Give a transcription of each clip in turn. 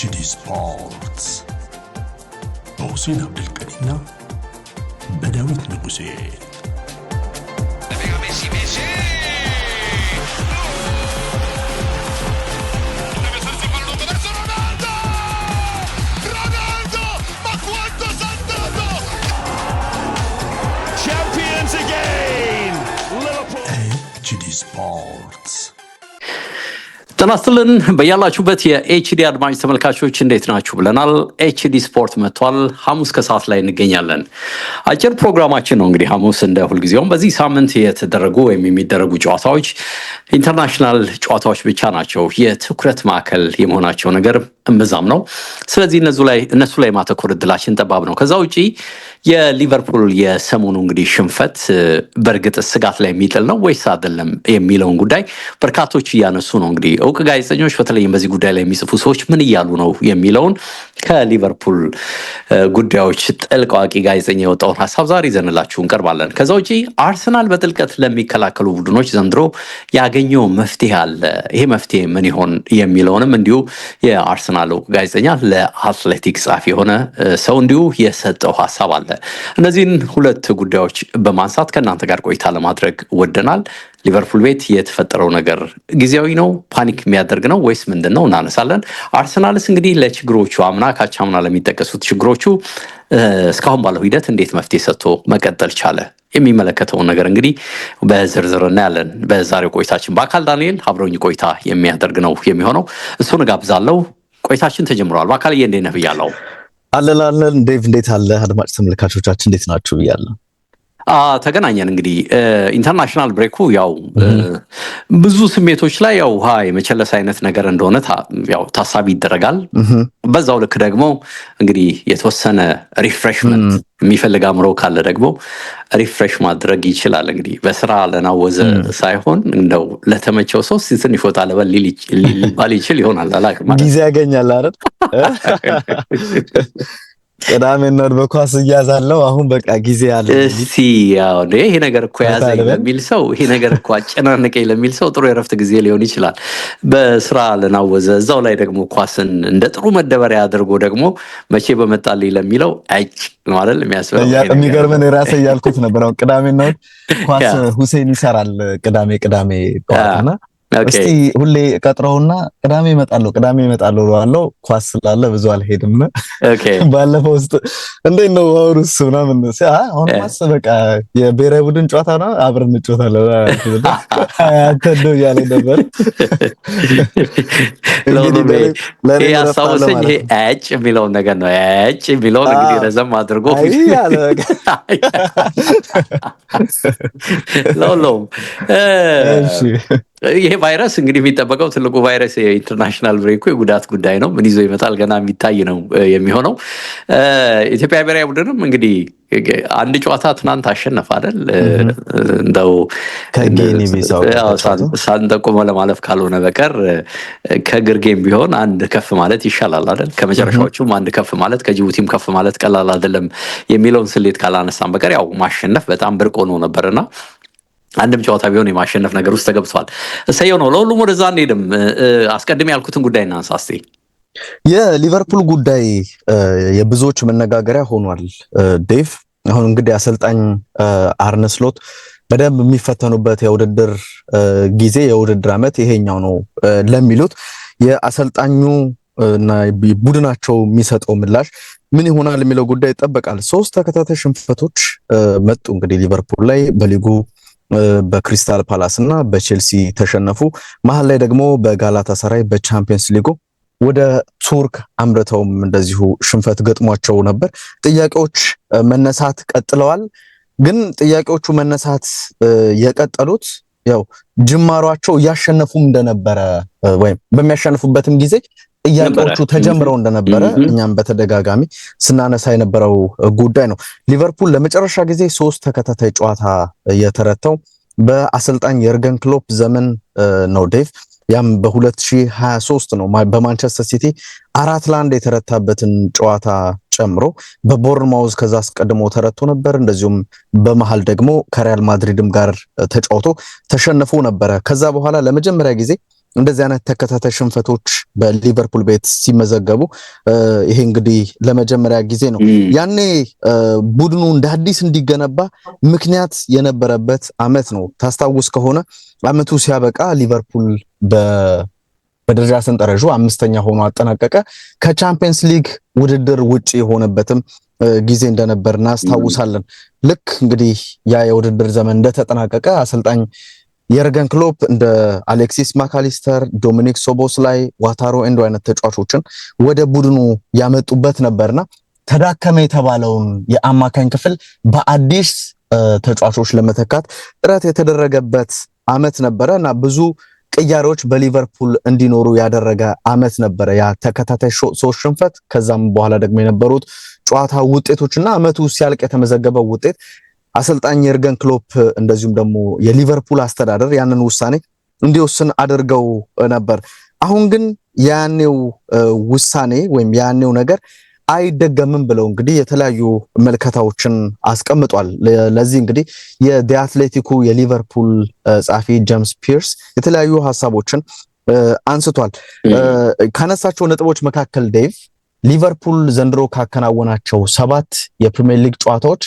HD ስፖርትስ በሁሴን አብደልቀኒና በዳዊት ንጉሴ HD Sport. ተናስትልን በያላችሁበት የኤችዲ አድማጭ ተመልካቾች እንዴት ናችሁ ብለናል። ኤችዲ ስፖርት መጥቷል። ሐሙስ ከሰዓት ላይ እንገኛለን። አጭር ፕሮግራማችን ነው እንግዲህ ሐሙስ እንደ ሁልጊዜውም በዚህ ሳምንት የተደረጉ ወይም የሚደረጉ ጨዋታዎች ኢንተርናሽናል ጨዋታዎች ብቻ ናቸው የትኩረት ማዕከል የመሆናቸው ነገር እምብዛም ነው። ስለዚህ እነሱ ላይ ማተኮር እድላችን ጠባብ ነው። ከዛ ውጪ የሊቨርፑል የሰሞኑ እንግዲህ ሽንፈት በእርግጥ ስጋት ላይ የሚጥል ነው ወይስ አይደለም የሚለውን ጉዳይ በርካቶች እያነሱ ነው። እንግዲህ እውቅ ጋዜጠኞች በተለይም በዚህ ጉዳይ ላይ የሚጽፉ ሰዎች ምን እያሉ ነው የሚለውን ከሊቨርፑል ጉዳዮች ጥልቅ አዋቂ ጋዜጠኛ የወጣውን ሀሳብ ዛሬ ይዘንላችሁ እንቀርባለን። ከዛ ውጪ አርሰናል በጥልቀት ለሚከላከሉ ቡድኖች ዘንድሮ ያገኘው መፍትሄ አለ። ይሄ መፍትሄ ምን ይሆን የሚለውንም እንዲሁ የአርሰናል አመሰግናለሁ። ጋዜጠኛ ለአትሌቲክ ጸሐፊ የሆነ ሰው እንዲሁ የሰጠው ሀሳብ አለ። እነዚህን ሁለት ጉዳዮች በማንሳት ከእናንተ ጋር ቆይታ ለማድረግ ወደናል። ሊቨርፑል ቤት የተፈጠረው ነገር ጊዜያዊ ነው፣ ፓኒክ የሚያደርግ ነው ወይስ ምንድን ነው? እናነሳለን። አርሰናልስ እንግዲህ ለችግሮቹ አምና ካቻምና ለሚጠቀሱት ችግሮቹ እስካሁን ባለው ሂደት እንዴት መፍትሄ ሰጥቶ መቀጠል ቻለ? የሚመለከተውን ነገር እንግዲህ በዝርዝር እናያለን በዛሬው ቆይታችን። በአካል ዳንኤል አብረኝ ቆይታ የሚያደርግ ነው የሚሆነው። እሱን ጋብዛለው? ቆይታችን ተጀምረዋል። በአካል እንዴት ነህ ብያለሁ። አለን አለን። ዴቭ እንዴት አለ? አድማጭ ተመልካቾቻችን እንዴት ናችሁ ብያለሁ። ተገናኘን እንግዲህ ኢንተርናሽናል ብሬኩ ያው ብዙ ስሜቶች ላይ ያው ውሃ የመቸለስ አይነት ነገር እንደሆነ ያው ታሳቢ ይደረጋል። በዛው ልክ ደግሞ እንግዲህ የተወሰነ ሪፍሬሽመንት የሚፈልግ አእምሮ ካለ ደግሞ ሪፍሬሽ ማድረግ ይችላል። እንግዲህ በስራ ለናወዘ ሳይሆን እንደው ለተመቸው ሰው ትንሽ ይፎታ ለበል ሊባል ይችል ይሆናል። ጊዜ ያገኛል አይደል? ቅዳሜ እናድ በኳስ እያዛለው አሁን በቃ ጊዜ አለ። እስቲ ያው ይሄ ነገር እኮ ያዘኝ ለሚል ሰው ይሄ ነገር እኮ አጨናነቀኝ ለሚል ሰው ጥሩ የረፍት ጊዜ ሊሆን ይችላል። በስራ ለናወዘ እዛው ላይ ደግሞ ኳስን እንደ ጥሩ መደበሪያ አድርጎ ደግሞ መቼ በመጣልኝ ለሚለው አይጭ ነው አይደል የሚያስበው። የሚገርመን የራሴ እያልኩት ነበር። ቅዳሜ እናድ ኳስ ሁሴን ይሰራል ቅዳሜ ቅዳሜ ኳስ እስቲ ሁሌ ቀጥረውና ቅዳሜ እመጣለሁ ቅዳሜ እመጣለሁ እለዋለሁ። ኳስ ስላለ ብዙ አልሄድም። ባለፈው ውስጥ እንዴት ነው አውሩስ ምናምን አሁን ማስ በቃ የብሔራዊ ቡድን ጨዋታ ነው አብረን እንጮታለን አያተዶ እያለ ነበር። ያስታውሰኝ ይሄ አጭ የሚለውን ነገር ነው። አጭ የሚለውን እንግዲህ ረዘም አድርጎ ለውለውም ይሄ ቫይረስ እንግዲህ የሚጠበቀው ትልቁ ቫይረስ የኢንተርናሽናል ብሬኩ የጉዳት ጉዳይ ነው። ምን ይዞ ይመጣል ገና የሚታይ ነው የሚሆነው። ኢትዮጵያ ብሔራዊ ቡድንም እንግዲህ አንድ ጨዋታ ትናንት አሸነፈ አይደል? እንደው ሳንጠቁመ ለማለፍ ካልሆነ በቀር ከግርጌም ቢሆን አንድ ከፍ ማለት ይሻላል አይደል? ከመጨረሻዎቹም አንድ ከፍ ማለት ከጅቡቲም ከፍ ማለት ቀላል አይደለም የሚለውን ስሌት ካላነሳም በቀር ያው ማሸነፍ በጣም ብርቅ ሆኖ ነበርና አንድም ጨዋታ ቢሆን የማሸነፍ ነገር ውስጥ ተገብቷል። ሰየው ነው። ለሁሉም ወደዛ እንሄድም። አስቀድሜ ያልኩትን ጉዳይ እናንሳ እስቲ። የሊቨርፑል ጉዳይ የብዙዎች መነጋገሪያ ሆኗል። ዴቭ አሁን እንግዲህ አሰልጣኝ አርነ ስሎት በደንብ የሚፈተኑበት የውድድር ጊዜ የውድድር ዓመት ይሄኛው ነው ለሚሉት የአሰልጣኙ እና ቡድናቸው የሚሰጠው ምላሽ ምን ይሆናል የሚለው ጉዳይ ይጠበቃል። ሶስት ተከታታይ ሽንፈቶች መጡ እንግዲህ ሊቨርፑል ላይ በሊጉ በክሪስታል ፓላስ እና በቼልሲ ተሸነፉ። መሀል ላይ ደግሞ በጋላታ ሰራይ በቻምፒየንስ ሊጉ ወደ ቱርክ አምርተውም እንደዚሁ ሽንፈት ገጥሟቸው ነበር። ጥያቄዎች መነሳት ቀጥለዋል። ግን ጥያቄዎቹ መነሳት የቀጠሉት ያው ጅማሯቸው እያሸነፉም እንደነበረ ወይም በሚያሸንፉበትም ጊዜ ጥያቄዎቹ ተጀምረው እንደነበረ እኛም በተደጋጋሚ ስናነሳ የነበረው ጉዳይ ነው። ሊቨርፑል ለመጨረሻ ጊዜ ሶስት ተከታታይ ጨዋታ የተረተው በአሰልጣኝ የርገን ክሎፕ ዘመን ነው ዴቭ ያም በ2023 ነው በማንቸስተር ሲቲ አራት ለአንድ የተረታበትን ጨዋታ ጨምሮ በቦርንማውዝ ከዛ አስቀድሞ ተረቶ ነበር። እንደዚሁም በመሃል ደግሞ ከሪያል ማድሪድም ጋር ተጫውቶ ተሸንፎ ነበረ። ከዛ በኋላ ለመጀመሪያ ጊዜ እንደዚህ አይነት ተከታታይ ሽንፈቶች በሊቨርፑል ቤት ሲመዘገቡ ይሄ እንግዲህ ለመጀመሪያ ጊዜ ነው። ያኔ ቡድኑ እንደ አዲስ እንዲገነባ ምክንያት የነበረበት አመት ነው። ታስታውስ ከሆነ አመቱ ሲያበቃ ሊቨርፑል በደረጃ ሰንጠረዡ አምስተኛ ሆኖ አጠናቀቀ። ከቻምፒየንስ ሊግ ውድድር ውጪ የሆነበትም ጊዜ እንደነበር እናስታውሳለን። ልክ እንግዲህ ያ የውድድር ዘመን እንደተጠናቀቀ አሰልጣኝ የርገን ክሎፕ እንደ አሌክሲስ ማካሊስተር፣ ዶሚኒክ ሶቦስ ላይ ዋታሮ ኤንዶ አይነት ተጫዋቾችን ወደ ቡድኑ ያመጡበት ነበርና ተዳከመ የተባለውን የአማካኝ ክፍል በአዲስ ተጫዋቾች ለመተካት ጥረት የተደረገበት አመት ነበረ እና ብዙ ቅያሬዎች በሊቨርፑል እንዲኖሩ ያደረገ አመት ነበረ። ያ ተከታታይ ሶስት ሽንፈት ከዛም በኋላ ደግሞ የነበሩት ጨዋታ ውጤቶች እና አመቱ ሲያልቅ የተመዘገበው ውጤት አሰልጣኝ የርገን ክሎፕ እንደዚሁም ደግሞ የሊቨርፑል አስተዳደር ያንን ውሳኔ እንዲወስን አድርገው ነበር። አሁን ግን ያኔው ውሳኔ ወይም ያኔው ነገር አይደገምም ብለው እንግዲህ የተለያዩ መልከታዎችን አስቀምጧል። ለዚህ እንግዲህ የዲ አትሌቲኩ የሊቨርፑል ጸሐፊ ጄምስ ፒርስ የተለያዩ ሀሳቦችን አንስቷል። ካነሳቸው ነጥቦች መካከል ዴቭ ሊቨርፑል ዘንድሮ ካከናወናቸው ሰባት የፕሪሚየር ሊግ ጨዋታዎች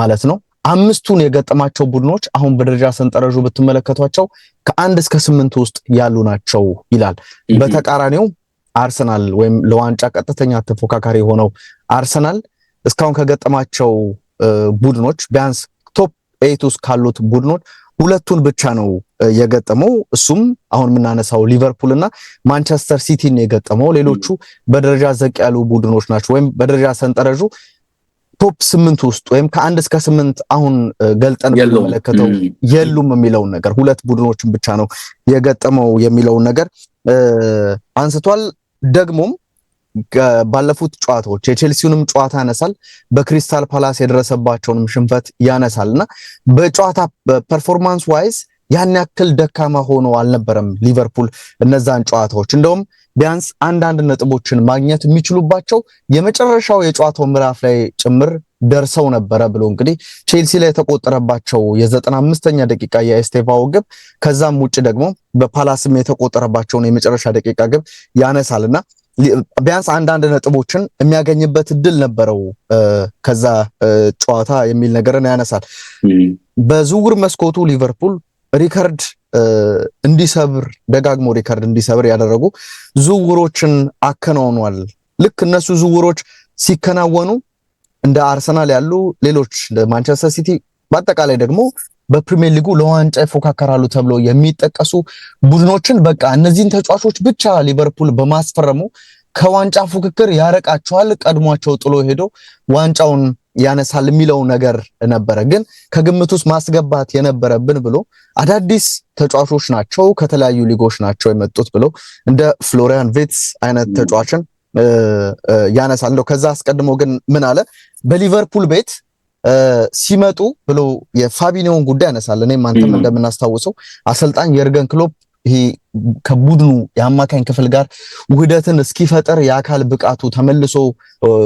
ማለት ነው። አምስቱን የገጠማቸው ቡድኖች አሁን በደረጃ ሰንጠረዡ ብትመለከቷቸው ከአንድ እስከ ስምንት ውስጥ ያሉ ናቸው ይላል። በተቃራኒው አርሰናል ወይም ለዋንጫ ቀጥተኛ ተፎካካሪ የሆነው አርሰናል እስካሁን ከገጠማቸው ቡድኖች ቢያንስ ቶፕ ኤት ውስጥ ካሉት ቡድኖች ሁለቱን ብቻ ነው የገጠመው። እሱም አሁን የምናነሳው ሊቨርፑል እና ማንቸስተር ሲቲን የገጠመው። ሌሎቹ በደረጃ ዘቅ ያሉ ቡድኖች ናቸው ወይም በደረጃ ሰንጠረዡ ቶፕ ስምንት ውስጥ ወይም ከአንድ እስከ ስምንት አሁን ገልጠን የምንመለከተው የሉም የሚለውን ነገር ሁለት ቡድኖችን ብቻ ነው የገጠመው የሚለውን ነገር አንስቷል። ደግሞም ባለፉት ጨዋታዎች የቼልሲውንም ጨዋታ ያነሳል። በክሪስታል ፓላስ የደረሰባቸውንም ሽንፈት ያነሳል እና በጨዋታ ፐርፎርማንስ ዋይዝ ያን ያክል ደካማ ሆኖ አልነበረም ሊቨርፑል እነዛን ጨዋታዎች እንደውም ቢያንስ አንዳንድ ነጥቦችን ማግኘት የሚችሉባቸው የመጨረሻው የጨዋታው ምዕራፍ ላይ ጭምር ደርሰው ነበረ ብሎ እንግዲህ ቼልሲ ላይ የተቆጠረባቸው የዘጠና አምስተኛ ደቂቃ የኤስቴቫኦ ግብ ከዛም ውጭ ደግሞ በፓላስም የተቆጠረባቸውን የመጨረሻ ደቂቃ ግብ ያነሳልና ቢያንስ አንዳንድ ነጥቦችን የሚያገኝበት እድል ነበረው ከዛ ጨዋታ የሚል ነገርን ያነሳል። በዝውውር መስኮቱ ሊቨርፑል ሪከርድ እንዲሰብር ደጋግሞ ሪከርድ እንዲሰብር ያደረጉ ዝውውሮችን አከናውኗል። ልክ እነሱ ዝውውሮች ሲከናወኑ እንደ አርሰናል ያሉ ሌሎች ማንቸስተር ሲቲ በአጠቃላይ ደግሞ በፕሪሚየር ሊጉ ለዋንጫ ይፎካከራሉ ተብሎ የሚጠቀሱ ቡድኖችን በቃ እነዚህን ተጫዋቾች ብቻ ሊቨርፑል በማስፈረሙ ከዋንጫ ፉክክር ያረቃቸዋል። ቀድሟቸው ጥሎ ሄዶ ዋንጫውን ያነሳል የሚለው ነገር ነበረ። ግን ከግምት ውስጥ ማስገባት የነበረብን ብሎ አዳዲስ ተጫዋቾች ናቸው ከተለያዩ ሊጎች ናቸው የመጡት ብሎ እንደ ፍሎሪያን ቪትስ አይነት ተጫዋችን ያነሳል። እንደው ከዛ አስቀድሞ ግን ምን አለ በሊቨርፑል ቤት ሲመጡ ብሎ የፋቢኒዮን ጉዳይ ያነሳል። እኔም አንተም እንደምናስታውሰው አሰልጣኝ የርገን ክሎፕ ይሄ ከቡድኑ የአማካኝ ክፍል ጋር ውህደትን እስኪፈጠር የአካል ብቃቱ ተመልሶ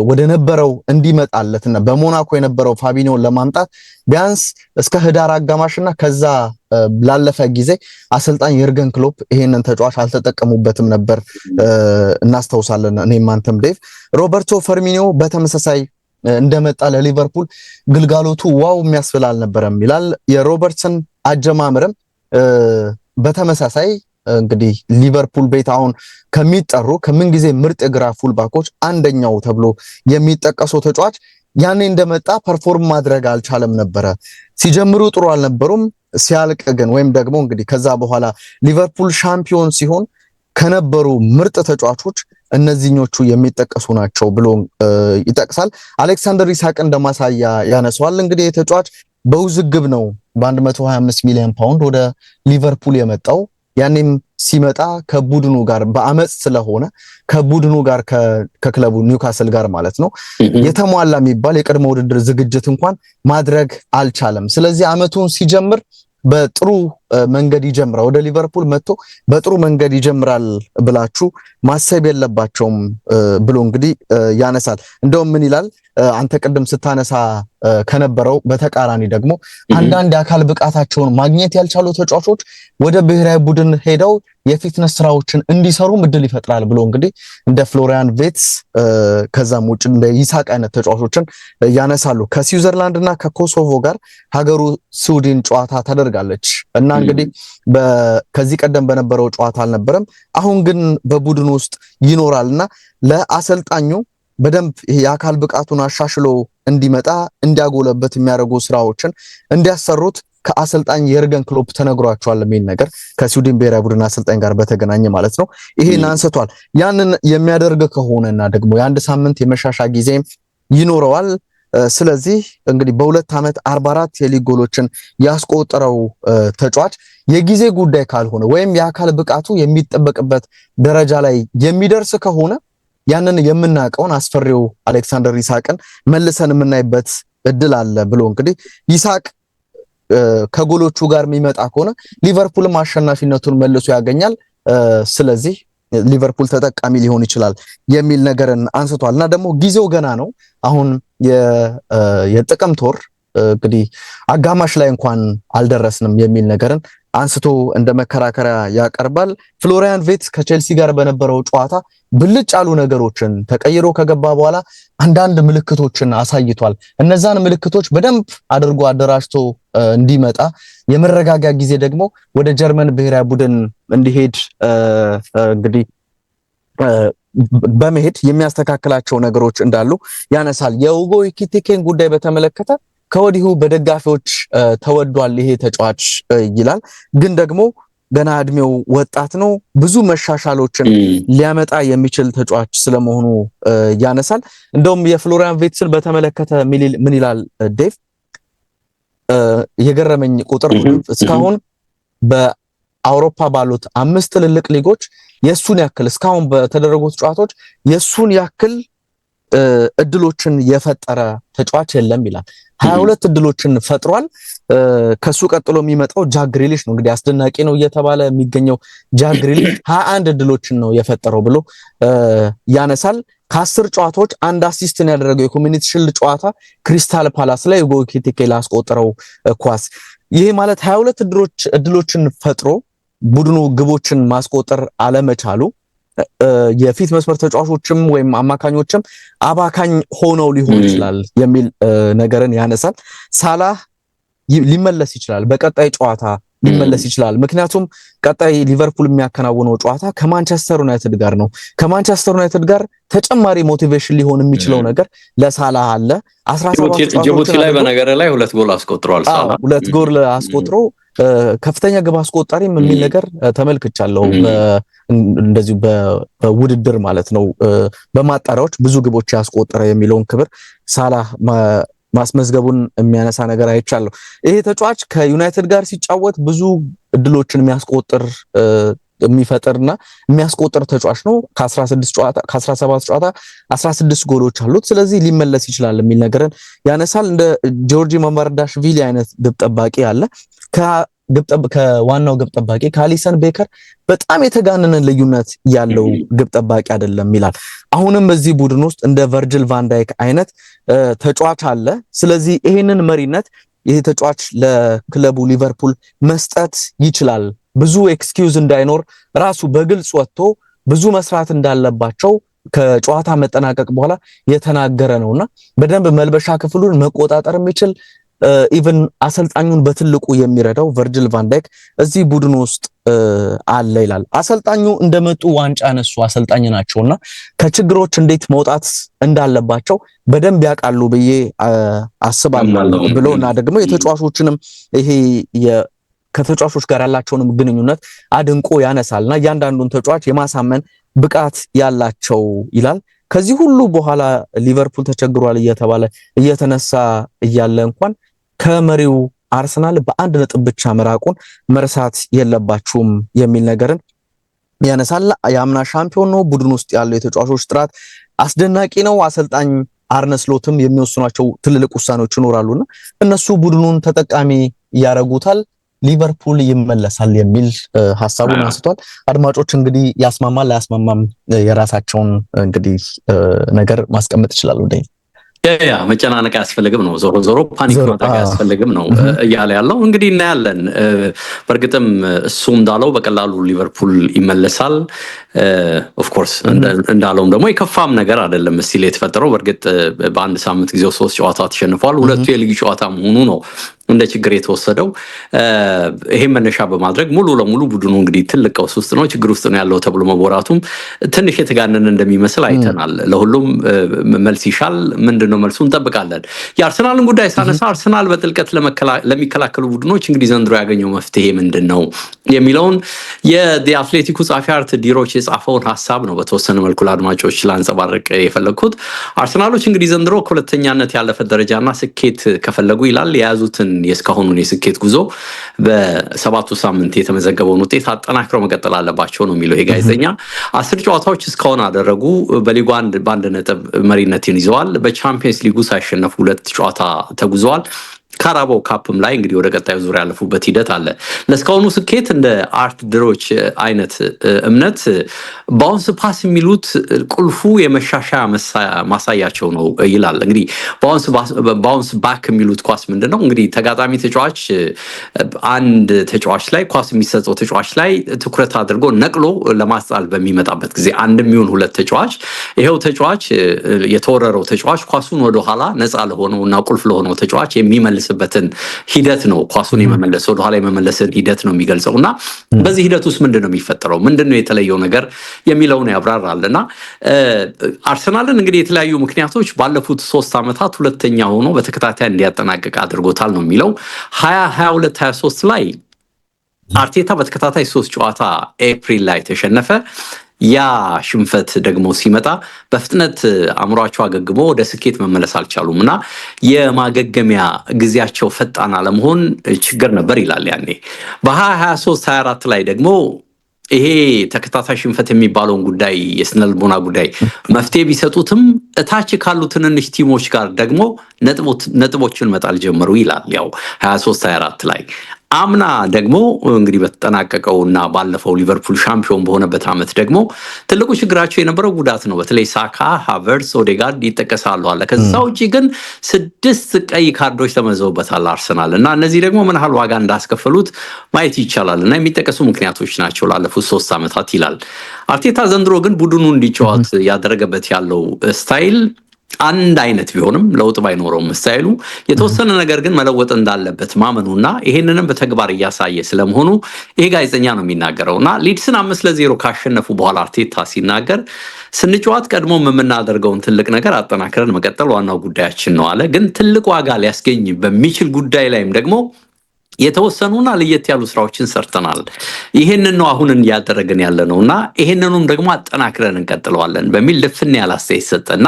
ወደ ነበረው እንዲመጣለትና በሞናኮ የነበረው ፋቢኒዮን ለማምጣት ቢያንስ እስከ ህዳር አጋማሽና ከዛ ላለፈ ጊዜ አሰልጣኝ የርገን ክሎፕ ይሄንን ተጫዋች አልተጠቀሙበትም ነበር እናስታውሳለን። እኔም አንተም ዴቭ። ሮበርቶ ፈርሚኒዮ በተመሳሳይ እንደመጣ ለሊቨርፑል ግልጋሎቱ ዋው የሚያስብል አልነበረም ይላል። የሮበርትስን አጀማምርም በተመሳሳይ እንግዲህ ሊቨርፑል ቤት አሁን ከሚጠሩ ከምንጊዜ ምርጥ የግራ ፉልባኮች አንደኛው ተብሎ የሚጠቀሰው ተጫዋች ያኔ እንደመጣ ፐርፎርም ማድረግ አልቻለም ነበረ። ሲጀምሩ ጥሩ አልነበሩም። ሲያልቅ ግን ወይም ደግሞ እንግዲህ ከዛ በኋላ ሊቨርፑል ሻምፒዮን ሲሆን ከነበሩ ምርጥ ተጫዋቾች እነዚህኞቹ የሚጠቀሱ ናቸው ብሎ ይጠቅሳል። አሌክሳንደር ኢሳቅ እንደማሳያ ያነሰዋል። እንግዲህ የተጫዋች በውዝግብ ነው በ125 ሚሊዮን ፓውንድ ወደ ሊቨርፑል የመጣው። ያኔም ሲመጣ ከቡድኑ ጋር በአመፅ ስለሆነ ከቡድኑ ጋር ከክለቡ ኒውካስል ጋር ማለት ነው የተሟላ የሚባል የቅድመ ውድድር ዝግጅት እንኳን ማድረግ አልቻለም። ስለዚህ አመቱን ሲጀምር በጥሩ መንገድ ይጀምራል ወደ ሊቨርፑል መጥቶ በጥሩ መንገድ ይጀምራል ብላችሁ ማሰብ የለባቸውም ብሎ እንግዲህ ያነሳል። እንደውም ምን ይላል አንተ ቅድም ስታነሳ ከነበረው በተቃራኒ ደግሞ አንዳንድ የአካል ብቃታቸውን ማግኘት ያልቻሉ ተጫዋቾች ወደ ብሔራዊ ቡድን ሄደው የፊትነስ ስራዎችን እንዲሰሩ እድል ይፈጥራል ብሎ እንግዲህ እንደ ፍሎሪያን ቬትስ ከዛም ውጭ እንደ ይሳቅ አይነት ተጫዋቾችን ያነሳሉ። ከስዊዘርላንድ እና ከኮሶቮ ጋር ሀገሩ ስዊድን ጨዋታ ታደርጋለች እና እንግዲህ ከዚህ ቀደም በነበረው ጨዋታ አልነበረም። አሁን ግን በቡድን ውስጥ ይኖራል እና ለአሰልጣኙ በደንብ የአካል ብቃቱን አሻሽሎ እንዲመጣ እንዲያጎለበት የሚያደርጉ ስራዎችን እንዲያሰሩት ከአሰልጣኝ የርገን ክሎፕ ተነግሯቸዋል የሚል ነገር ከስዊድን ብሔራዊ ቡድን አሰልጣኝ ጋር በተገናኘ ማለት ነው። ይሄን አንስቷል። ያንን የሚያደርግ ከሆነና ደግሞ የአንድ ሳምንት የመሻሻ ጊዜ ይኖረዋል። ስለዚህ እንግዲህ በሁለት ዓመት 44 የሊግ ጎሎችን ያስቆጠረው ተጫዋች የጊዜ ጉዳይ ካልሆነ ወይም የአካል ብቃቱ የሚጠበቅበት ደረጃ ላይ የሚደርስ ከሆነ ያንን የምናውቀውን አስፈሪው አሌክሳንደር ይሳቅን መልሰን የምናይበት እድል አለ ብሎ እንግዲህ ይሳቅ ከጎሎቹ ጋር የሚመጣ ከሆነ ሊቨርፑልም አሸናፊነቱን መልሶ ያገኛል። ስለዚህ ሊቨርፑል ተጠቃሚ ሊሆን ይችላል የሚል ነገርን አንስቷል እና ደግሞ ጊዜው ገና ነው አሁን የጥቅምት ወር እንግዲህ አጋማሽ ላይ እንኳን አልደረስንም የሚል ነገርን አንስቶ እንደ መከራከሪያ ያቀርባል። ፍሎሪያን ቬትስ ከቼልሲ ጋር በነበረው ጨዋታ ብልጭ ያሉ ነገሮችን ተቀይሮ ከገባ በኋላ አንዳንድ ምልክቶችን አሳይቷል። እነዛን ምልክቶች በደንብ አድርጎ አደራጅቶ እንዲመጣ የመረጋጋ ጊዜ ደግሞ ወደ ጀርመን ብሔራዊ ቡድን እንዲሄድ እንግዲህ በመሄድ የሚያስተካክላቸው ነገሮች እንዳሉ ያነሳል። የውጎ ኢኪቲኬን ጉዳይ በተመለከተ ከወዲሁ በደጋፊዎች ተወዷል ይሄ ተጫዋች ይላል። ግን ደግሞ ገና እድሜው ወጣት ነው፣ ብዙ መሻሻሎችን ሊያመጣ የሚችል ተጫዋች ስለመሆኑ ያነሳል። እንደውም የፍሎሪያን ቬትስን በተመለከተ ምን ይላል ዴቭ? የገረመኝ ቁጥር እስካሁን በአውሮፓ ባሉት አምስት ትልልቅ ሊጎች የሱን ያክል እስካሁን በተደረጉት ጨዋታዎች የሱን ያክል እድሎችን የፈጠረ ተጫዋች የለም ይላል። ሀያ ሁለት እድሎችን ፈጥሯል። ከሱ ቀጥሎ የሚመጣው ጃግሪሊሽ ነው። እንግዲህ አስደናቂ ነው እየተባለ የሚገኘው ጃግሪሊሽ ግሪሊሽ ሀያ አንድ እድሎችን ነው የፈጠረው ብሎ ያነሳል። ከአስር ጨዋታዎች አንድ አሲስትን ያደረገው የኮሚኒቲ ሽልድ ጨዋታ ክሪስታል ፓላስ ላይ የጎኪቲኬ ላስቆጠረው ኳስ ይሄ ማለት ሀያ ሁለት እድሎችን ፈጥሮ ቡድኑ ግቦችን ማስቆጠር አለመቻሉ የፊት መስመር ተጫዋቾችም ወይም አማካኞችም አባካኝ ሆነው ሊሆን ይችላል የሚል ነገርን ያነሳል። ሳላህ ሊመለስ ይችላል፣ በቀጣይ ጨዋታ ሊመለስ ይችላል። ምክንያቱም ቀጣይ ሊቨርፑል የሚያከናውነው ጨዋታ ከማንቸስተር ዩናይትድ ጋር ነው። ከማንቸስተር ዩናይትድ ጋር ተጨማሪ ሞቲቬሽን ሊሆን የሚችለው ነገር ለሳላህ አለ። ጅቡቲ ላይ በነገር ላይ ሁለት ጎል አስቆጥሯል። ሁለት ጎል አስቆጥሮ ከፍተኛ ግብ አስቆጣሪም የሚል ነገር ተመልክቻለሁ። እንደዚሁ በውድድር ማለት ነው በማጣሪያዎች ብዙ ግቦች ያስቆጠረ የሚለውን ክብር ሳላህ ማስመዝገቡን የሚያነሳ ነገር አይቻለሁ። ይሄ ተጫዋች ከዩናይትድ ጋር ሲጫወት ብዙ እድሎችን የሚያስቆጥር የሚፈጥርና የሚያስቆጥር ተጫዋች ነው። ጨዋታ 17 ጨዋታ 16 ጎሎች አሉት። ስለዚህ ሊመለስ ይችላል የሚል ነገርን ያነሳል። እንደ ጆርጂ ማማርዳሽቪሊ አይነት ግብ ጠባቂ አለ። ከዋናው ግብ ጠባቂ ከአሊሰን ቤከር በጣም የተጋነነ ልዩነት ያለው ግብ ጠባቂ አይደለም ይላል። አሁንም በዚህ ቡድን ውስጥ እንደ ቨርጅል ቫንዳይክ አይነት ተጫዋች አለ። ስለዚህ ይሄንን መሪነት ይሄ ተጫዋች ለክለቡ ሊቨርፑል መስጠት ይችላል ብዙ ኤክስኪውዝ እንዳይኖር ራሱ በግልጽ ወጥቶ ብዙ መስራት እንዳለባቸው ከጨዋታ መጠናቀቅ በኋላ የተናገረ ነውና በደንብ መልበሻ ክፍሉን መቆጣጠር የሚችል ኢቨን አሰልጣኙን በትልቁ የሚረዳው ቨርጅል ቫንዳይክ እዚህ ቡድን ውስጥ አለ ይላል። አሰልጣኙ እንደመጡ ዋንጫ ነሱ አሰልጣኝ ናቸውና ከችግሮች እንዴት መውጣት እንዳለባቸው በደንብ ያውቃሉ ብዬ አስባለሁ ብሎ እና ደግሞ የተጫዋቾችንም ይሄ ከተጫዋቾች ጋር ያላቸውንም ግንኙነት አድንቆ ያነሳል እና እያንዳንዱን ተጫዋች የማሳመን ብቃት ያላቸው ይላል። ከዚህ ሁሉ በኋላ ሊቨርፑል ተቸግሯል እየተባለ እየተነሳ እያለ እንኳን ከመሪው አርሰናል በአንድ ነጥብ ብቻ መራቁን መርሳት የለባችሁም የሚል ነገርን ያነሳል። የአምና ሻምፒዮን ነው። ቡድን ውስጥ ያለው የተጫዋቾች ጥራት አስደናቂ ነው። አሰልጣኝ አርነ ስሎትም የሚወስኗቸው ትልልቅ ውሳኔዎች ይኖራሉና እነሱ ቡድኑን ተጠቃሚ ያደርጉታል። ሊቨርፑል ይመለሳል የሚል ሀሳቡን አንስቷል። አድማጮች እንግዲህ ያስማማ አያስማማም የራሳቸውን እንግዲህ ነገር ማስቀመጥ ይችላሉ። እንደ ያ መጨናነቅ አያስፈልግም ነው፣ ዞሮ ዞሮ ፓኒክ ማድረግ አያስፈልግም ነው እያለ ያለው እንግዲህ እናያለን። በእርግጥም እሱ እንዳለው በቀላሉ ሊቨርፑል ይመለሳል። ኦፍኮርስ እንዳለውም ደግሞ የከፋም ነገር አይደለም ስቲል የተፈጠረው። በእርግጥ በአንድ ሳምንት ጊዜ ሶስት ጨዋታ ተሸንፏል። ሁለቱ የልዩ ጨዋታ መሆኑ ነው እንደ ችግር የተወሰደው ይሄን መነሻ በማድረግ ሙሉ ለሙሉ ቡድኑ እንግዲህ ትልቅ ቀውስ ውስጥ ነው፣ ችግር ውስጥ ነው ያለው ተብሎ መቦራቱም ትንሽ የተጋነነ እንደሚመስል አይተናል። ለሁሉም መልስ ይሻል። ምንድነው መልሱ? እንጠብቃለን። የአርሰናልን ጉዳይ ሳነሳ አርሰናል በጥልቀት ለሚከላከሉ ቡድኖች እንግዲህ ዘንድሮ ያገኘው መፍትሄ ምንድን ነው የሚለውን የአትሌቲኩ ጻፊ አርት ዲሮች የጻፈውን ሀሳብ ነው በተወሰነ መልኩ ለአድማጮች ላንጸባርቅ የፈለግኩት። አርሰናሎች እንግዲህ ዘንድሮ ከሁለተኛነት ያለፈ ደረጃና ስኬት ከፈለጉ ይላል የያዙትን የእስካሁኑን የስኬት ጉዞ በሰባቱ ሳምንት የተመዘገበውን ውጤት አጠናክረው መቀጠል አለባቸው ነው የሚለው ይሄ ጋዜጠኛ። አስር ጨዋታዎች እስካሁን አደረጉ። በሊጉ አንድ በአንድ ነጥብ መሪነትን ይዘዋል። በቻምፒየንስ ሊጉ ሳይሸነፉ ሁለት ጨዋታ ተጉዘዋል። ካራባው ካፕም ላይ እንግዲህ ወደ ቀጣዩ ዙር ያለፉበት ሂደት አለ። ለእስካሁኑ ስኬት እንደ አርት ድሮች አይነት እምነት ባውንስ ፓስ የሚሉት ቁልፉ የመሻሻያ ማሳያቸው ነው ይላል። እንግዲህ ባውንስ ባክ የሚሉት ኳስ ምንድን ነው? እንግዲህ ተጋጣሚ ተጫዋች አንድ ተጫዋች ላይ ኳስ የሚሰጠው ተጫዋች ላይ ትኩረት አድርጎ ነቅሎ ለማስጣል በሚመጣበት ጊዜ አንድ የሚሆን ሁለት ተጫዋች ይኸው ተጫዋች የተወረረው ተጫዋች ኳሱን ወደኋላ ነፃ ለሆነው እና ቁልፍ ለሆነው ተጫዋች የሚመልስ የሚመልስበትን ሂደት ነው። ኳሱን የመመለስ ወደኋላ የመመለስን ሂደት ነው የሚገልጸው እና በዚህ ሂደት ውስጥ ምንድን ነው የሚፈጠረው፣ ምንድን ነው የተለየው ነገር የሚለውን ያብራራል እና አርሰናልን እንግዲህ የተለያዩ ምክንያቶች ባለፉት ሶስት ዓመታት ሁለተኛ ሆኖ በተከታታይ እንዲያጠናቅቅ አድርጎታል ነው የሚለው ሀያ ሀያ ሁለት ሀያ ሶስት ላይ አርቴታ በተከታታይ ሶስት ጨዋታ ኤፕሪል ላይ ተሸነፈ። ያ ሽንፈት ደግሞ ሲመጣ በፍጥነት አእምሯቸው አገግሞ ወደ ስኬት መመለስ አልቻሉም እና የማገገሚያ ጊዜያቸው ፈጣን አለመሆን ችግር ነበር ይላል ያኔ በ2023 24 ላይ ደግሞ ይሄ ተከታታይ ሽንፈት የሚባለውን ጉዳይ የስነልቦና ጉዳይ መፍትሄ ቢሰጡትም እታች ካሉ ትንንሽ ቲሞች ጋር ደግሞ ነጥቦችን መጣል ጀመሩ ይላል ያው 23 24 ላይ አምና ደግሞ እንግዲህ በተጠናቀቀው እና ባለፈው ሊቨርፑል ሻምፒዮን በሆነበት ዓመት ደግሞ ትልቁ ችግራቸው የነበረው ጉዳት ነው። በተለይ ሳካ፣ ሃቨርስ፣ ኦዴጋርድ ይጠቀሳሉ አለ። ከዛ ውጭ ግን ስድስት ቀይ ካርዶች ተመዘውበታል አርሰናል እና እነዚህ ደግሞ ምን ያህል ዋጋ እንዳስከፈሉት ማየት ይቻላል እና የሚጠቀሱ ምክንያቶች ናቸው ላለፉት ሶስት ዓመታት ይላል አርቴታ። ዘንድሮ ግን ቡድኑ እንዲጫወት ያደረገበት ያለው ስታይል አንድ አይነት ቢሆንም ለውጥ ባይኖረውም ስታይሉ የተወሰነ ነገር ግን መለወጥ እንዳለበት ማመኑና ይሄንንም በተግባር እያሳየ ስለመሆኑ ይሄ ጋዜጠኛ ነው የሚናገረው። እና ሊድስን አምስት ለዜሮ ካሸነፉ በኋላ አርቴታ ሲናገር ስንጨዋት ቀድሞም የምናደርገውን ትልቅ ነገር አጠናክረን መቀጠል ዋናው ጉዳያችን ነው አለ። ግን ትልቅ ዋጋ ሊያስገኝ በሚችል ጉዳይ ላይም ደግሞ የተወሰኑና ለየት ያሉ ስራዎችን ሰርተናል። ይህንን ነው አሁን እያደረግን ያለ ነው እና ይህንኑም ደግሞ አጠናክረን እንቀጥለዋለን በሚል ልፍን ያለ አስተያየት ሰጠና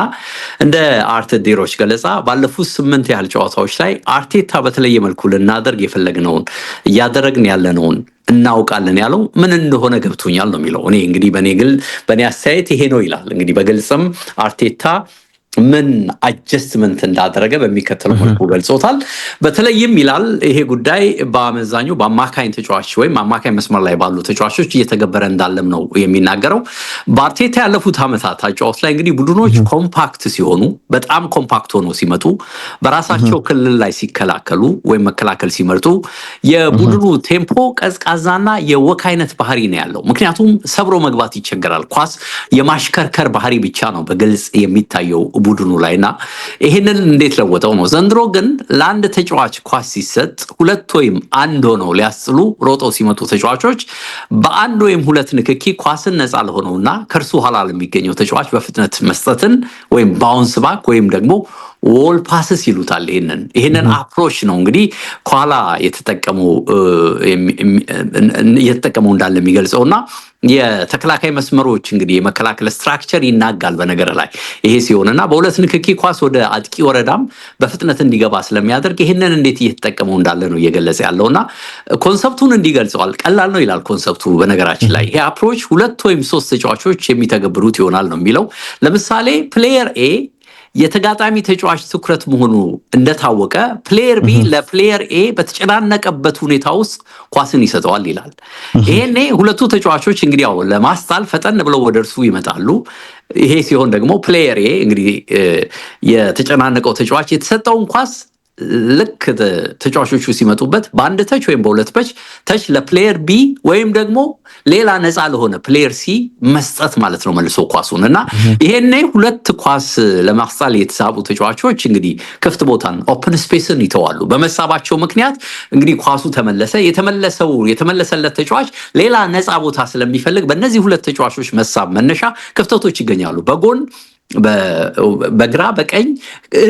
እንደ አርት ዲሮች ገለጻ ባለፉት ስምንት ያህል ጨዋታዎች ላይ አርቴታ በተለየ መልኩ ልናደርግ የፈለግነውን እያደረግን ያለነውን እናውቃለን ያለው ምን እንደሆነ ገብቶኛል ነው የሚለው። እኔ እንግዲህ በእኔ ግል በእኔ አስተያየት ይሄ ነው ይላል። እንግዲህ በግልጽም አርቴታ ምን አጀስትመንት እንዳደረገ በሚከተል መልኩ ገልጾታል። በተለይም ይላል ይሄ ጉዳይ በአመዛኙ በአማካኝ ተጫዋች ወይም አማካኝ መስመር ላይ ባሉ ተጫዋቾች እየተገበረ እንዳለም ነው የሚናገረው። በአርቴታ ያለፉት ዓመታት አጫዋት ላይ እንግዲህ ቡድኖች ኮምፓክት ሲሆኑ፣ በጣም ኮምፓክት ሆኖ ሲመጡ፣ በራሳቸው ክልል ላይ ሲከላከሉ ወይም መከላከል ሲመርጡ የቡድኑ ቴምፖ ቀዝቃዛና የወክ አይነት ባህሪ ነው ያለው። ምክንያቱም ሰብሮ መግባት ይቸገራል። ኳስ የማሽከርከር ባህሪ ብቻ ነው በግልጽ የሚታየው ቡድኑ ላይ እና ይህንን እንዴት ለወጠው ነው። ዘንድሮ ግን ለአንድ ተጫዋች ኳስ ሲሰጥ ሁለት ወይም አንድ ሆነው ሊያስጥሉ ሮጠው ሲመጡ ተጫዋቾች በአንድ ወይም ሁለት ንክኪ ኳስን ነፃ ለሆነውና ከእርሱ ኋላ ለሚገኘው ተጫዋች በፍጥነት መስጠትን ወይም ባውንስ ባክ ወይም ደግሞ ዎል ፓስስ ይሉታል። ይህንን ይህንን አፕሮች ነው እንግዲህ ኳላ የተጠቀመው እየተጠቀመው እንዳለ የሚገልጸው እና የተከላካይ መስመሮች እንግዲህ የመከላከል ስትራክቸር ይናጋል። በነገር ላይ ይሄ እና በሁለት ንክኪ ኳስ ወደ አጥቂ ወረዳም በፍጥነት እንዲገባ ስለሚያደርግ ይህንን እንዴት እየተጠቀመው እንዳለ ነው እየገለጸ ያለው እና ኮንሰፕቱን እንዲገልጸዋል ቀላል ነው ይላል ኮንሰፕቱ። በነገራችን ላይ ይሄ አፕሮች ሁለት ወይም ሶስት ተጫዋቾች የሚተገብሩት ይሆናል ነው የሚለው ለምሳሌ ፕሌየር ኤ የተጋጣሚ ተጫዋች ትኩረት መሆኑ እንደታወቀ ፕሌየር ቢ ለፕሌየር ኤ በተጨናነቀበት ሁኔታ ውስጥ ኳስን ይሰጠዋል ይላል። ይሄኔ ሁለቱ ተጫዋቾች እንግዲህ ያው ለማስጣል ፈጠን ብለው ወደ እርሱ ይመጣሉ። ይሄ ሲሆን ደግሞ ፕሌየር ኤ እንግዲህ የተጨናነቀው ተጫዋች የተሰጠውን ኳስ ልክ ተጫዋቾቹ ሲመጡበት በአንድ ተች ወይም በሁለት ተች ተች ለፕሌየር ቢ ወይም ደግሞ ሌላ ነፃ ለሆነ ፕሌየር ሲ መስጠት ማለት ነው መልሶ ኳሱን እና ይሄኔ ሁለት ኳስ ለማስጣል የተሳቡ ተጫዋቾች እንግዲህ ክፍት ቦታን ኦፕን ስፔስን ይተዋሉ። በመሳባቸው ምክንያት እንግዲህ ኳሱ ተመለሰ። የተመለሰው የተመለሰለት ተጫዋች ሌላ ነፃ ቦታ ስለሚፈልግ በእነዚህ ሁለት ተጫዋቾች መሳብ መነሻ ክፍተቶች ይገኛሉ በጎን በግራ በቀኝ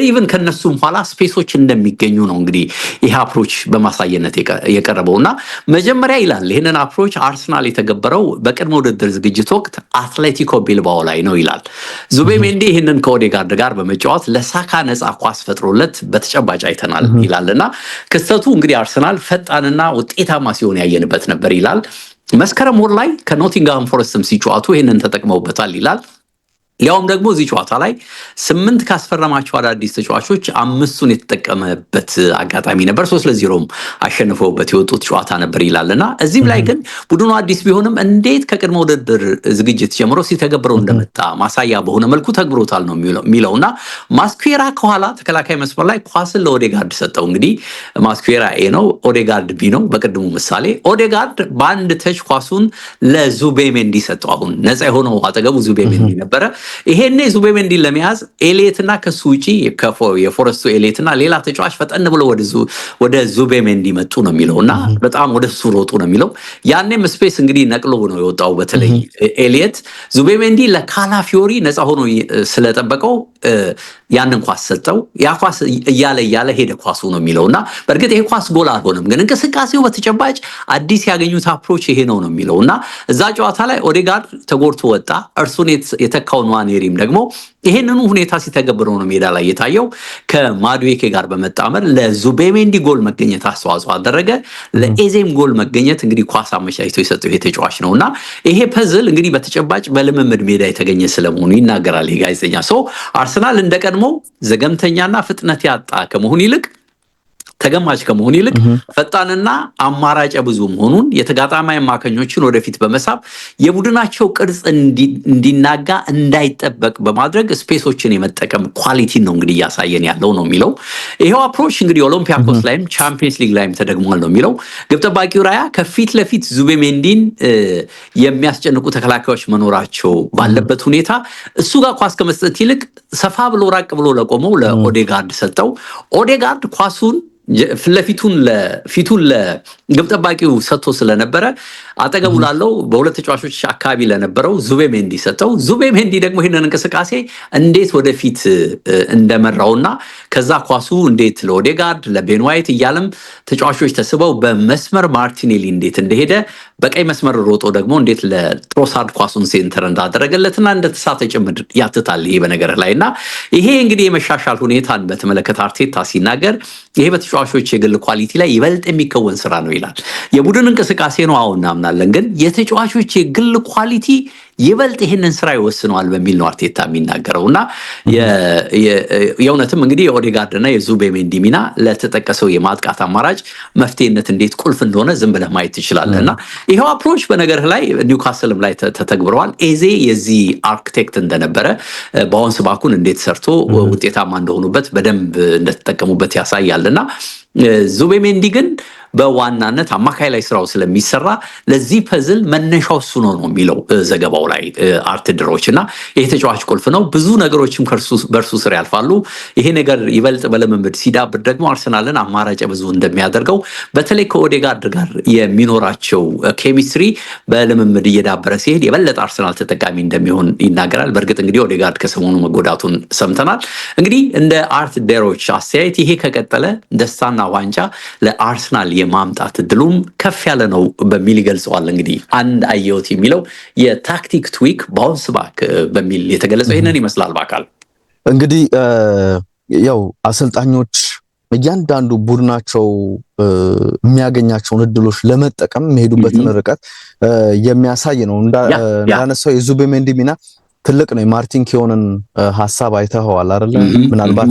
ኢቨን ከነሱም ኋላ ስፔሶች እንደሚገኙ ነው እንግዲህ ይህ አፕሮች በማሳየነት የቀረበው እና መጀመሪያ ይላል ይህንን አፕሮች አርሰናል የተገበረው በቅድመ ውድድር ዝግጅት ወቅት አትሌቲኮ ቢልባኦ ላይ ነው ይላል። ዙቤሜንዲ ይህንን ከኦዴጋርድ ጋር በመጫወት ለሳካ ነፃ ኳስ ፈጥሮለት በተጨባጭ አይተናል ይላል እና ክስተቱ እንግዲህ አርሰናል ፈጣንና ውጤታማ ሲሆን ያየንበት ነበር ይላል። መስከረም ወር ላይ ከኖቲንግሃም ፎረስትም ሲጫወቱ ይህንን ተጠቅመውበታል ይላል። ሊያውም ደግሞ እዚህ ጨዋታ ላይ ስምንት ካስፈረማቸው አዳዲስ ተጫዋቾች አምስቱን የተጠቀመበት አጋጣሚ ነበር። ሶስት ለዜሮም አሸንፈውበት የወጡት ጨዋታ ነበር ይላል እና እዚህም ላይ ግን ቡድኑ አዲስ ቢሆንም እንዴት ከቅድመ ውድድር ዝግጅት ጀምሮ ሲተገብረው እንደመጣ ማሳያ በሆነ መልኩ ተግብሮታል ነው የሚለው እና ማስኩዌራ ከኋላ ተከላካይ መስመር ላይ ኳስን ለኦዴጋርድ ሰጠው። እንግዲህ ማስኩዌራ ኤ ነው፣ ኦዴጋርድ ቢ ነው። በቅድሙ ምሳሌ ኦዴጋርድ በአንድ ተች ኳሱን ለዙቤሜንዲ ሰጠው። አሁን ነፃ የሆነው አጠገቡ ዙቤሜንዲ ነበረ። ይሄኔ ዙቤሜንዲን ለመያዝ ኤሌትና ከሱ ውጪ የፎረስቱ ኤሌትና ሌላ ተጫዋች ፈጠን ብሎ ወደ ዙቤሜንዲ መጡ ነው የሚለው እና በጣም ወደ ሱ ሮጡ ነው የሚለው። ያኔም ስፔስ እንግዲህ ነቅሎ ነው የወጣው። በተለይ ኤሌት ዙቤሜንዲ ለካላፊዮሪ ነፃ ሆኖ ስለጠበቀው ያንን ኳስ ሰጠው። ያ ኳስ እያለ እያለ ሄደ ኳሱ ነው የሚለው እና በእርግጥ ይሄ ኳስ ጎል አልሆነም፣ ግን እንቅስቃሴው በተጨባጭ አዲስ ያገኙት አፕሮች ይሄ ነው ነው የሚለው እና እዛ ጨዋታ ላይ ኦዴጋርድ ተጎድቶ ወጣ። እርሱን የተካው ማኔሪም ደግሞ ይሄንኑ ሁኔታ ሲተገብሮ ነው ሜዳ ላይ የታየው። ከማድዌኬ ጋር በመጣመር ለዙቤሜንዲ ጎል መገኘት አስተዋጽኦ አደረገ። ለኤዜም ጎል መገኘት እንግዲህ ኳስ አመቻችቶ የሰጠው ይሄ ተጫዋች ነው እና ይሄ ፐዝል እንግዲህ በተጨባጭ በልምምድ ሜዳ የተገኘ ስለመሆኑ ይናገራል ይህ ጋዜጠኛ። ሰው አርሰናል እንደቀድሞ ዘገምተኛና ፍጥነት ያጣ ከመሆን ይልቅ ተገማች ከመሆን ይልቅ ፈጣንና አማራጭ ብዙ መሆኑን የተጋጣሚ አማካኞችን ወደፊት በመሳብ የቡድናቸው ቅርጽ እንዲናጋ እንዳይጠበቅ በማድረግ ስፔሶችን የመጠቀም ኳሊቲን ነው እንግዲህ እያሳየን ያለው ነው የሚለው ይሄው አፕሮች እንግዲህ ኦሎምፒያኮስ ላይም ቻምፒየንስ ሊግ ላይም ተደግሟል ነው የሚለው ግብ ጠባቂው ራያ ከፊት ለፊት ዙቤሜንዲን የሚያስጨንቁ ተከላካዮች መኖራቸው ባለበት ሁኔታ እሱ ጋር ኳስ ከመስጠት ይልቅ ሰፋ ብሎ ራቅ ብሎ ለቆመው ለኦዴጋርድ ሰጠው። ኦዴጋርድ ኳሱን ፊቱን ለግብ ጠባቂው ሰጥቶ ስለነበረ አጠገቡ ላለው በሁለት ተጫዋቾች አካባቢ ለነበረው ዙቤ ሜንዲ ሰጠው። ዙቤ ሜንዲ ደግሞ ይህንን እንቅስቃሴ እንዴት ወደፊት እንደመራውና ከዛ ኳሱ እንዴት ለኦዴጋርድ ለቤን ዋይት እያለም ተጫዋቾች ተስበው በመስመር ማርቲኔሊ እንዴት እንደሄደ በቀይ መስመር ሮጦ ደግሞ እንዴት ለትሮሳርድ ኳሱን ሴንተር እንዳደረገለትና እንደተሳተ ጭምር ያትታል። ይሄ በነገር ላይ እና ይሄ እንግዲህ የመሻሻል ሁኔታን በተመለከተ አርቴታ ሲናገር ይሄ በተጫዋቾች የግል ኳሊቲ ላይ ይበልጥ የሚከወን ስራ ነው ይላል። የቡድን እንቅስቃሴ ነው አሁን እናምናለን። ግን የተጫዋቾች የግል ኳሊቲ ይበልጥ ይህንን ስራ ይወስነዋል በሚል ነው አርቴታ የሚናገረው እና የእውነትም እንግዲህ የኦዴጋርድና የዙቤሜንዲ ሚና ለተጠቀሰው የማጥቃት አማራጭ መፍትሄነት እንዴት ቁልፍ እንደሆነ ዝም ብለህ ማየት ትችላለህ እና ይኸው አፕሮች በነገርህ ላይ ኒውካስልም ላይ ተተግብረዋል። ኤዜ የዚህ አርክቴክት እንደነበረ በአሁን ስባኩን እንዴት ሰርቶ ውጤታማ እንደሆኑበት በደንብ እንደተጠቀሙበት ያሳያል እና ዙቤሜንዲ ግን በዋናነት አማካይ ላይ ስራው ስለሚሰራ ለዚህ ፐዝል መነሻው እሱ ነው ነው የሚለው ዘገባው ላይ አርት ድሮች እና ይሄ ተጫዋች ቁልፍ ነው። ብዙ ነገሮችም በእርሱ ስር ያልፋሉ። ይሄ ነገር ይበልጥ በልምምድ ሲዳብር ደግሞ አርሰናልን አማራጭ ብዙ እንደሚያደርገው በተለይ ከኦዴጋርድ ጋር የሚኖራቸው ኬሚስትሪ በልምምድ እየዳበረ ሲሄድ የበለጠ አርሰናል ተጠቃሚ እንደሚሆን ይናገራል። በእርግጥ እንግዲህ ኦዴጋርድ ከሰሞኑ መጎዳቱን ሰምተናል። እንግዲህ እንደ አርት ዴሮች አስተያየት ይሄ ከቀጠለ ደስታና ዋንጫ ለአርሰናል የማምጣት እድሉም ከፍ ያለ ነው በሚል ይገልጸዋል። እንግዲህ አንድ አየሁት የሚለው የታክቲክ ትዊክ ባውንስ ባክ በሚል የተገለጸው ይህንን ይመስላል። በአካል እንግዲህ ያው አሰልጣኞች እያንዳንዱ ቡድናቸው የሚያገኛቸውን እድሎች ለመጠቀም የሚሄዱበትን ርቀት የሚያሳይ ነው። እንዳነሳው የዙቤሜንዲ ሚና ትልቅ ነው። የማርቲን ኪዮንን ሀሳብ አይተኸዋል አይደለ? ምናልባት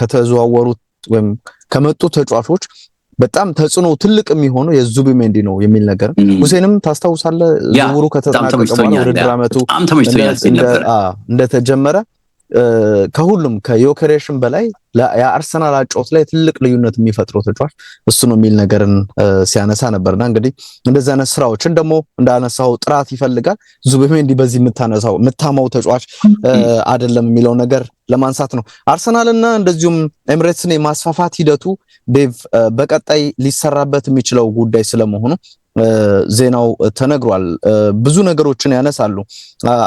ከተዘዋወሩት ወይም ከመጡ ተጫዋቾች በጣም ተጽዕኖ ትልቅ የሚሆነው የዙቢሜንዲ ነው የሚል ነገር ሁሴንም ታስታውሳለህ ዝውውሩ ከተጠናቀቀ በኋላ ወደ ድራመቱ እንደተጀመረ ከሁሉም ከዮከሬሽን በላይ የአርሰናል አጨዋወት ላይ ትልቅ ልዩነት የሚፈጥረው ተጫዋች እሱ ነው የሚል ነገርን ሲያነሳ ነበርና እንግዲህ እንደዚህ አይነት ስራዎችን ደግሞ እንዳነሳው ጥራት ይፈልጋል። ዙቢሜንዲ በዚህ የምታነሳው የምታማው ተጫዋች አይደለም የሚለው ነገር ለማንሳት ነው። አርሰናልና እንደዚሁም ኤምሬትስን የማስፋፋት ሂደቱ ዴቭ በቀጣይ ሊሰራበት የሚችለው ጉዳይ ስለመሆኑ ዜናው ተነግሯል። ብዙ ነገሮችን ያነሳሉ።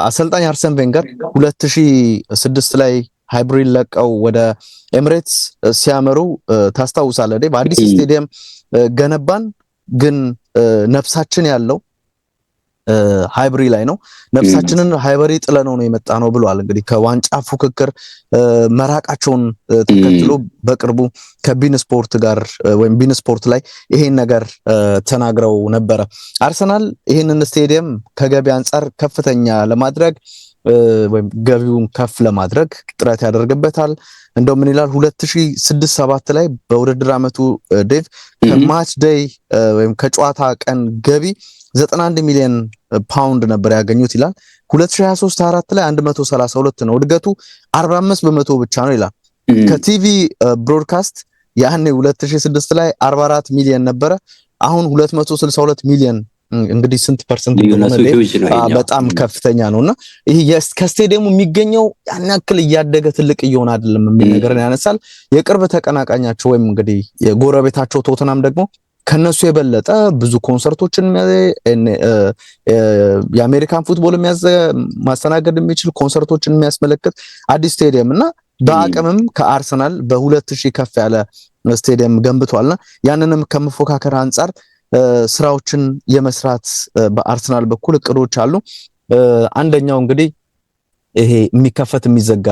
አሰልጣኝ አርሰን ቬንገር 2006 ላይ ሃይብሪድ ለቀው ወደ ኤምሬትስ ሲያመሩ ታስታውሳለህ። በአዲስ ስቴዲየም ገነባን፣ ግን ነፍሳችን ያለው ሃይብሪ ላይ ነው። ነፍሳችንን ሃይብሪ ጥለነው ነው የመጣ ነው ብለዋል። እንግዲህ ከዋንጫ ፉክክር መራቃቸውን ተከትሎ በቅርቡ ከቢን ስፖርት ጋር ወይም ቢን ስፖርት ላይ ይሄን ነገር ተናግረው ነበረ። አርሰናል ይሄንን ስቴዲየም ከገቢ አንጻር ከፍተኛ ለማድረግ ወይም ገቢውን ከፍ ለማድረግ ጥረት ያደርግበታል። እንደው ምን ይላል 2006 ላይ በውድድር ዓመቱ ዴቭ ከማች ደይ ወይም ከጨዋታ ቀን ገቢ 91 ሚሊዮን ፓውንድ ነበር ያገኙት ይላል። 2023 24 ላይ 132 ነው እድገቱ 45 በመቶ ብቻ ነው ይላል። ከቲቪ ብሮድካስት ያኔ 2006 ላይ 44 ሚሊዮን ነበረ፣ አሁን 262 ሚሊዮን እንግዲህ ስንት ፐርሰንት በጣም ከፍተኛ ነው። እና ይህ ከስቴዲየሙ የሚገኘው ያን ያክል እያደገ ትልቅ እየሆነ አይደለም የሚል ነገርን ያነሳል። የቅርብ ተቀናቃኛቸው ወይም እንግዲህ የጎረቤታቸው ቶተናም ደግሞ ከነሱ የበለጠ ብዙ ኮንሰርቶችን የአሜሪካን ፉትቦል ማስተናገድ የሚችል ኮንሰርቶችን የሚያስመለክት አዲስ ስቴዲየም እና በአቅምም ከአርሰናል በሁለት ሺህ ከፍ ያለ ስቴዲየም ገንብቷልና ያንንም ከመፎካከር አንጻር ስራዎችን የመስራት በአርሰናል በኩል እቅዶች አሉ። አንደኛው እንግዲህ ይሄ የሚከፈት የሚዘጋ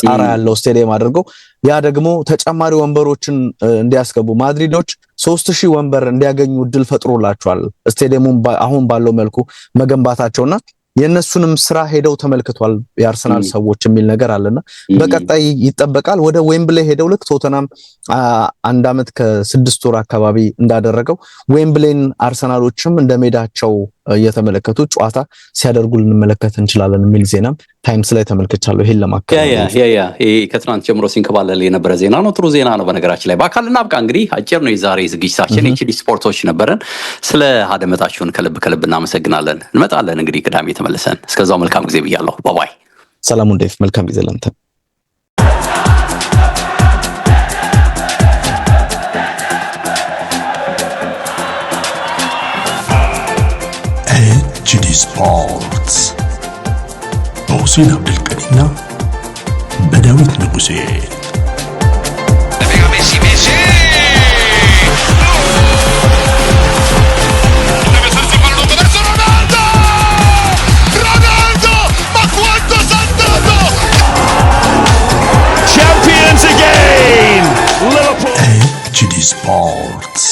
ጣራ ያለው ስቴዲየም አድርገው ያ ደግሞ ተጨማሪ ወንበሮችን እንዲያስገቡ ማድሪዶች ሶስት ሺህ ወንበር እንዲያገኙ እድል ፈጥሮላቸዋል። ስቴዲየሙን አሁን ባለው መልኩ መገንባታቸውና የእነሱንም ስራ ሄደው ተመልክቷል የአርሰናል ሰዎች የሚል ነገር አለና በቀጣይ ይጠበቃል። ወደ ዌምብሌ ሄደው ልክ ቶተናም አንድ ዓመት ከስድስት ወር አካባቢ እንዳደረገው ዌምብሌን አርሰናሎችም እንደ ሜዳቸው እየተመለከቱ ጨዋታ ሲያደርጉ ልንመለከት እንችላለን የሚል ዜናም ታይምስ ላይ ተመልክቻለሁ። ይሄን ለማከያ ከትናንት ጀምሮ ሲንከባለል የነበረ ዜና ነው። ጥሩ ዜና ነው። በነገራችን ላይ በአካል እናብቃ። እንግዲህ አጭር ነው የዛሬ ዝግጅታችን። ኤችዲ ስፖርቶች ነበረን። ስለ አደመጣችሁን ከልብ ከልብ እናመሰግናለን። እንመጣለን እንግዲህ ቅዳሜ ተመልሰን። እስከዛው መልካም ጊዜ ብያለሁ። ባባይ ሰላሙ እንዴት መልካም ጊዜ ለምተን ስፖርት በሁሴን አብዱልቀኒና በዳዊት ንጉሴ HD Sports.